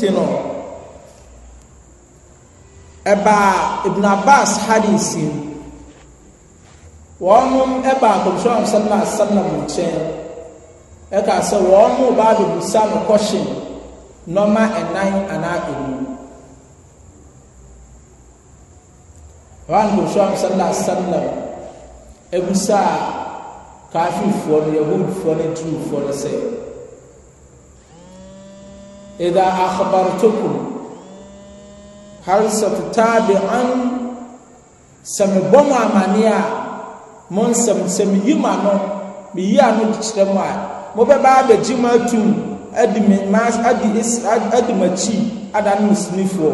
nti no ɛbaa ibn abbas hadisi wɔn ɛbaa kɔmhyɛ wɔn nsɛm na asɛm na wɔn nkyɛn ɛka sɛ wɔn mo baa bebusa no kɔhyɛ nɔɔma ɛnan anaa enum wɔn kɔmhyɛ wɔn nsɛm na asɛm na ebusa kaafifoɔ no yahudifoɔ no turufoɔ no sɛ. idha akhbartukum hal satutabi'an sɛ mebɔ mo amane a mo nsɛm sɛ meyi ma no meyi ano de kyerɛ mo a mobɛba abɛgye mo atum adi me mas adi es adi m'akyi ada no musinifoɔ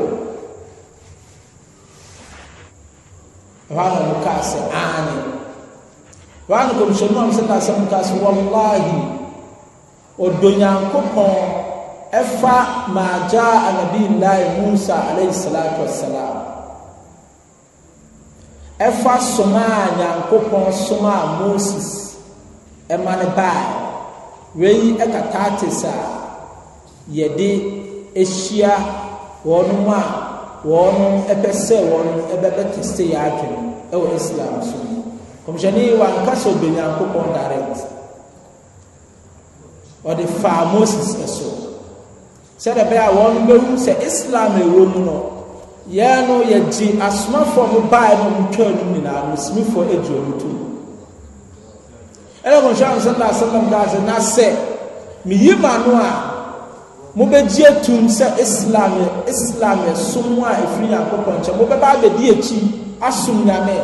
ɛhɔ ana mo kaa sɛ aane ɛhɔ ana kɔmhyɛnu a mo sɛ kaa sɛ mo kaa sɛ wallahi ɔdɔ nyankopɔn ɛfa maagya anabiilahi musa alayhi salatu wasalam ɛfa soma a nyankopɔn soma a moses ɛma ne baa wei ɛkataates a yɛde ahyia wɔn a wɔn ɛpɛ sɛ wɔn ɛbɛbɛte se yɛ ɛwɔ islam so kɔmhyɛne wankasa obe nyankopɔn direct ɔde faa moses ɛso sɛde bɛyɛ ah, a wɔn bɛhu sɛ islam ɛwɔ mu no yɛn no yɛgye asomafoɔ mo baa no mo twaa no nyinaa musimifoɔ adu ɔmo to ɛna mo nhwɛ ansa na asɛm da ase na sɛ miyi ma no a mobɛgye atum sɛ islam islam som a ɛfiri nyankopɔn nkyɛn mobɛba abɛdi akyi asom nyame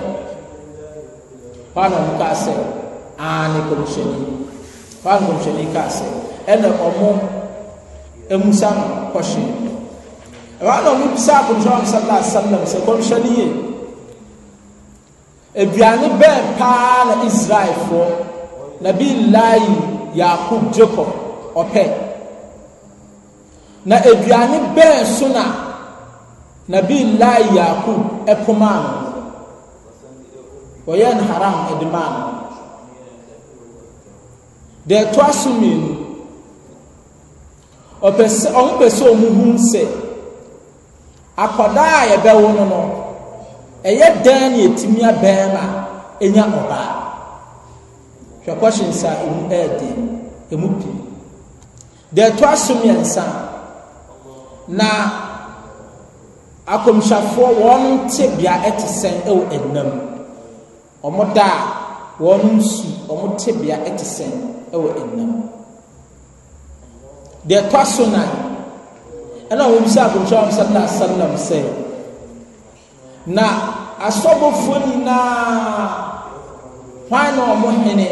hɔ na ɔmo kaa sɛ aa ne kɔmhyɛni hɔ na kɔmhyɛni kaa sɛ ɛna ɔmo ɛmusa no kɔhye ɛwɔ na ɔmo bisa akɔmhyɛn sallallahu alaihi wasallam sɛ kɔmhyɛ no yie aduane bɛɛ paa na israelfoɔ nabi lai yaakub jacob ɔpɛ na aduane bɛɛ so na nabi lai yaakub ɛpomaa no wɔyɛ no haram ɛde maa no deɛ ɛtɔ so mmienu ɔpɛ sɛ ɔmo pɛ sɛ hu sɛ akwadaa a yɛbɛwo no no ɛyɛ dan ne yɛtumi abɛn ma ɛnya ɔbaa hwɛ questions a ɛmu ɛɛde ɛmu pii deɛ ɛto aso mmiɛnsa na akɔmhyɛfoɔ wɔn te bea ɛte sɛn ɛwɔ ɛnam ɔmo daa, a wɔn nsu ɔmo te bea ɛte sɛn ɛwɔ ɛnam. deɛ ɛtɔ so na ɛna wɔbisa akɔntwa wɔn sɛ asalam sɛ na asɔbɔfoɔ nyinaa hwan na wɔn hene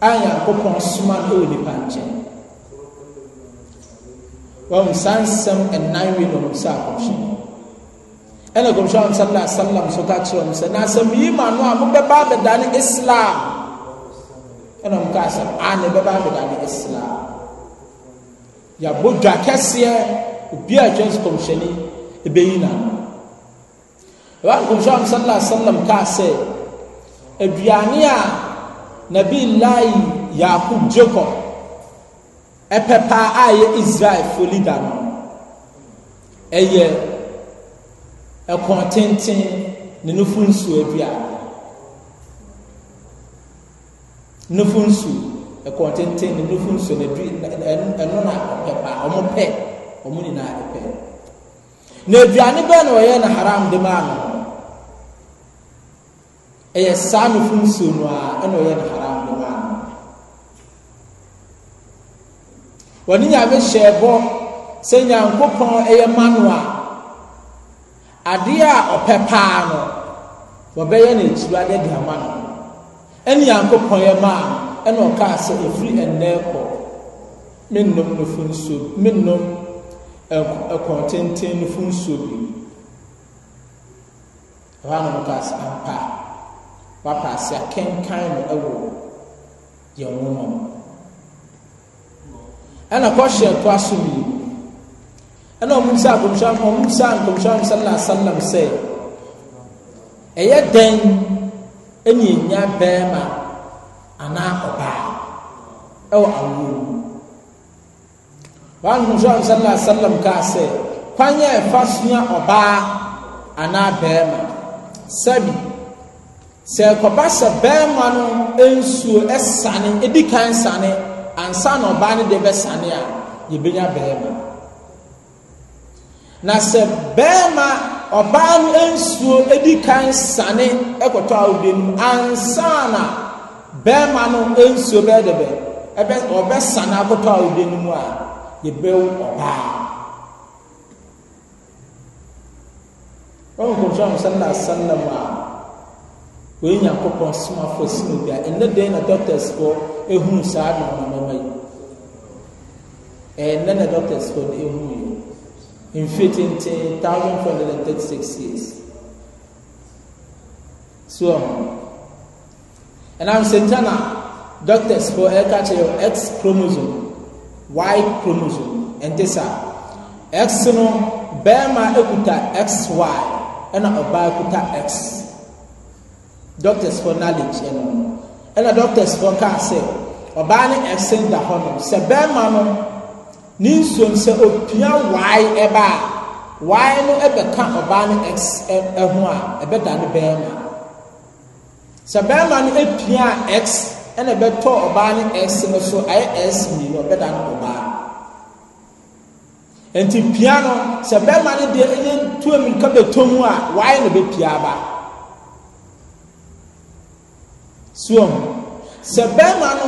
a nyankopɔn soma wɔ nipa nkyɛn wɔn saa nsɛm ɛnan wi na wɔbisa akɔntwa ɛna kɔmhyɛ wɔn sɛ asalam so ka kyerɛ wɔn sɛ na asɛm yi ma no a mobɛba abɛdane islam ɛna wɔn ka asɛm ah, a na ɛbɛba abɛdane islam yɛabɔ dwa kɛseɛ obi a kyɛn sɛ kɔmhyɛne ɛbɛyi na ɛwɔ nkɔmhyɛ am sallallahu alaihi wasallam kaa sɛ aduane a nabi lai yakub jacob ɛpɛ paa a yɛ israelfoɔ leader no ɛyɛ ɛkɔn tenten ne nufu nsuo aduane nufu nsuo ɛkɔn tenten ne nufu nso ne du ɛno na ɛpa ɔmo pɛ ɔmo nyinaa ɛpɛ na aduane bɛɛ na ɔyɛ na haram de maa no ɛyɛ saa nufu nso no a ɛna ɔyɛ na haram de maa no wɔn nyame hyɛ bɔ sɛ nyankopɔn ɛyɛ ma no a adeɛ a ɔpɛ paa no wɔbɛyɛ n'akyiri adeɛ de ama no ɛne nyankopɔn yɛ maa no ɛna ɔkaa sɛ ɛfiri ɛnnɛ kɔ mennom nofo nsuo mennom ɛkɔn tenten nofo nsuo bi ɛhɔ ana ɔkaa sɛ ampa wapa ase akenkan no ɛwɔ yɛn nwoma no ɛna kɔhyɛ ɛtoa so mmienu ɛna ɔmo nsa akomhyɛ ɔmo nsa nkomhyɛ ɔmo sɛlɛm asɛlɛm sɛ ɛyɛ dɛn ɛna enya bɛrima anaa ɔbaa ɛwɔ awuo wɔn ahosuo ansanna asalam kaa sɛ kwan a ɛfa soa ɔbaa anaa bɛrima sɛbi sɛ ɛkɔba sɛ bɛrima no nsuo ɛsane edi kan sane ansa na ɔbaa no deɛ bɛsane a yɛbɛnya bɛrima na sɛ bɛrima ɔbaa no nsuo edi kan sane ɛkɔtɔ awudie mu ansa na bɛrima no nsuo bɛyɛ de bɛ ɛbɛ ɔbɛsa na akɔtɔ a ɔde ne mu a yɛbɛwo ɔbaa wɔn nkɔmhyɛ wɔn sɛ na asan na mu a wɔn nyakopɔn somafo sinu bi a ɛnna den na doctors kɔ ehunu saa na ɔmama yi ɛnna na doctors kɔ na ehunu yi mfe tenten thousand four hundred and thirty six years so ɔmo ɛnam sɛ ntia na doctors fo ɛka kyerɛ x chromosome y chromosome ɛnte saa uh, x no bɛrima ekuta xy ɛna ɔbaa kuta x doctors fo knowledge ɛno ɛna doctors fo kaa sɛ ɔbaa ne x da hɔ no sɛ bɛrima no ne nsuom sɛ opia y ɛbaa y no ɛbɛka ɔbaa ne x ɛho e, e a ɛbɛda ne bɛrima sɛ bɛrima no apia a x ɛna ɛbɛtɔ ɔbaa ne x no so ɛyɛ x mmienu ɔbɛda no ɔbaa nti pia no sɛ bɛrima no deɛ ɛyɛ tu mmirika bɛtɔ mu a waayɛ no bɛpia aba soɔm sɛ bɛrima no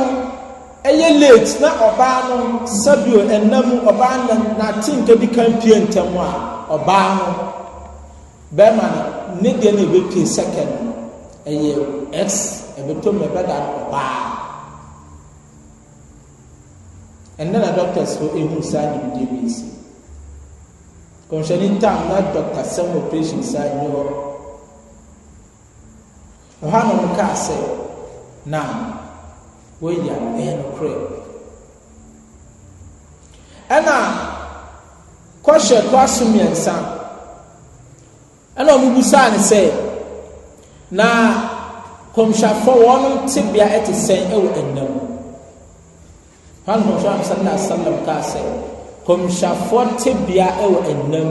ɛyɛ late na ɔbaa no sabio ɛnam ɔbaa no n'ate nka di kan pie ntɛm a ɔbaa no bɛrima no ne deɛ na ɛbɛpie second no ɛyɛ x ɛbɛtɔ mu ɛbɛda ɔbaa ɛnna na doctors hɔ ehu saa nimdeɛ bi nsi kɔnhyɛnni ntaam na doctor sɛm operation saa nyi hɔ ɔha na ɔmo kaa sɛ na wɔyɛ ɛyɛ nokorɛ ɛnna kɔhyɛ kɔ aso mmiɛnsa ɛnna ɔmo bu saa ne sɛ na kɔmhyɛfo wɔn tebea ɛte sɛn ɛwɔ ɛnam hɔn kɔmhyɛfo am sallam sallam kaa sɛ kɔmhyɛfo tebea ɛwɔ ɛnam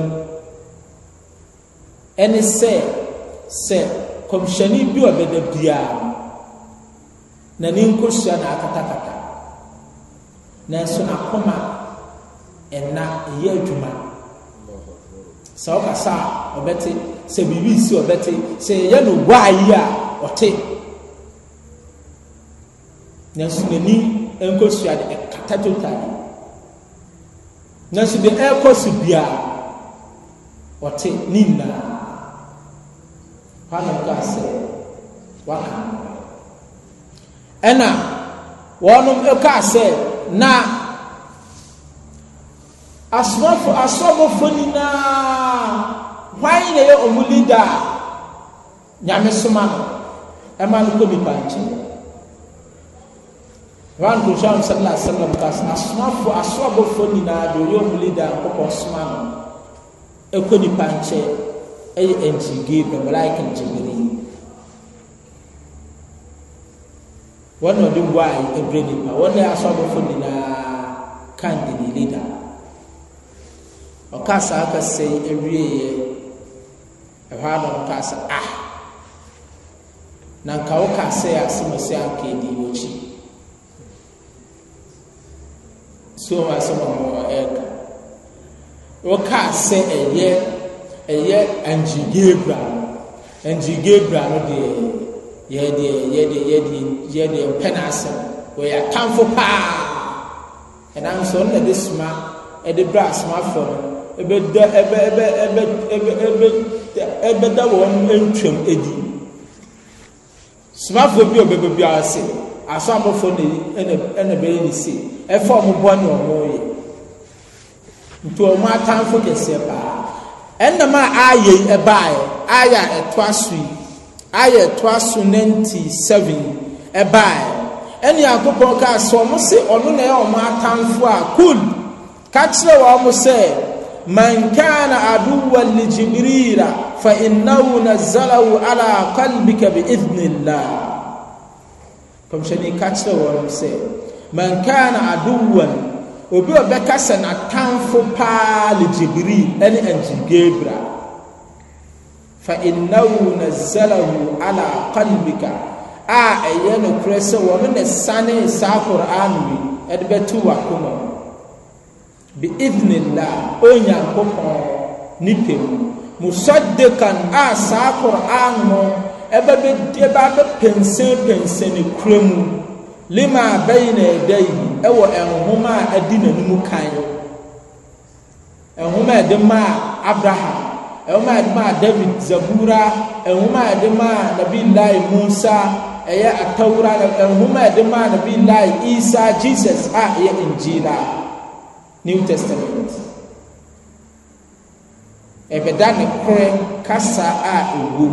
ɛne sɛ sɛ kɔmhyɛni bi wɔ bɛda biara na ne nkosua na akatakata nanso n'akoma ɛna ɛyɛ adwuma sɛ ɔkasa a ɔbɛte. sɛ biribi si ɔbɛte sɛ yɛyɛ no gua yi a ɔte nanso n'ani nkɔsua de ɛkata totale nanso de ɛrekɔ so biara ɔte ne nyinaa hwana kaa sɛ waka ɛna wɔnom kaa sɛ na asomafo asɔmofo nyinaa hwan na ɛyɛ ɔmo leader a nyame soma no ɛma no kɔ nipa nkyɛn ran kò sɔrɔ sɛlɛm sɛlɛm kasi asomafo asoabɔfo nyinaa de ɔyɛ ɔmo leader kɔkɔ soma no ɛkɔ nipa nkyɛn ɛyɛ ɛnkyige bɛmɛlɛ ayɛ kɛnkyɛnbere wɔn na ɔde bɔ a ɛbrɛ nipa wɔn na asoabɔfo nyinaa kan de ne leader ɔka saa kasa yi ɛwie yɛ ɛhɔ a na ɔka sɛ a ah! na nka woka sɛ asɛm sɛ anka ɛdi wɔkyi soma asɛm ɔmo ɛɛka woka sɛ ɛyɛ ɛyɛ angyigebra angyigebra no deɛ yɛdeɛ yɛdeɛ yɛdeɛ yɛdeɛ mpɛ na asɛm wɔyɛ atamfo paa ɛnanso ɔno na de soma ɛde bra asoma fam ɛbɛda ɛbɛ ɛbɛ ɛbɛ ɛbɛ ɛbɛ. ɛbɛda wɔn ntwam adi somafoɔ bi a ɔbɛbɛ bi ase aso abɔfoɔ na ɛna bɛyɛ ne se ɛfa ɔmo bɔ ne ɔmo yɛ nti ɔmo atamfo kɛseɛ paa ɛnam a ayɛ yi ayɛ a ɛtoa so yi ayɛ ɛtoa so ninety seven ɛbaeɛ ɛne akokɔ kaa sɛ ɔmo se ɔno na ɛyɛ a kul kakyerɛ wɔn sɛ. من كان عدوا لجبريل فإنه نزله على قلبك بإذن الله kɔmhyɛni ka kyerɛ wɔn sɛ man kana aduwan obi a ɔbɛka sɛ n'atamfo paa le gyibiri ɛne angyigabra fa innahu nazalahu ala qalbika a ɛyɛ nokorɛ sɛ wɔn na sane saa koran bi ɛde bɛto w'akoma bi idhnillah onyankopɔn ne pɛm musaddikan a saa qur'an no ɛbɛbɛdi ɛbɛbɛpɛnsɛnpɛnsɛn ne kura mu lima bɛyina ɛda yi ɛwɔ nhoma a ɛdi n'anim kan nhoma a ɛde maa abraham nhoma a ɛde maa david zabura nhoma a ɛde nabi lai musa ɛyɛ atawura nhoma a ɛde nabi lai isa jesus a ɛyɛ injila new testament ɛbɛda ne korɛ kasa a ɛwɔ mu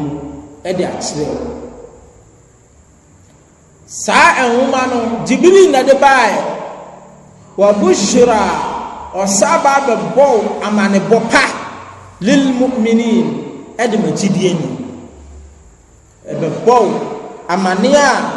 ɛde akyerɛ saa ɛnwoma no gyibiri na de baeɛ wɔabuhyira a ɔsa baa amane amanebɔ lil lilmuminin ɛde magyidie ni ɛbɛbɔw amane a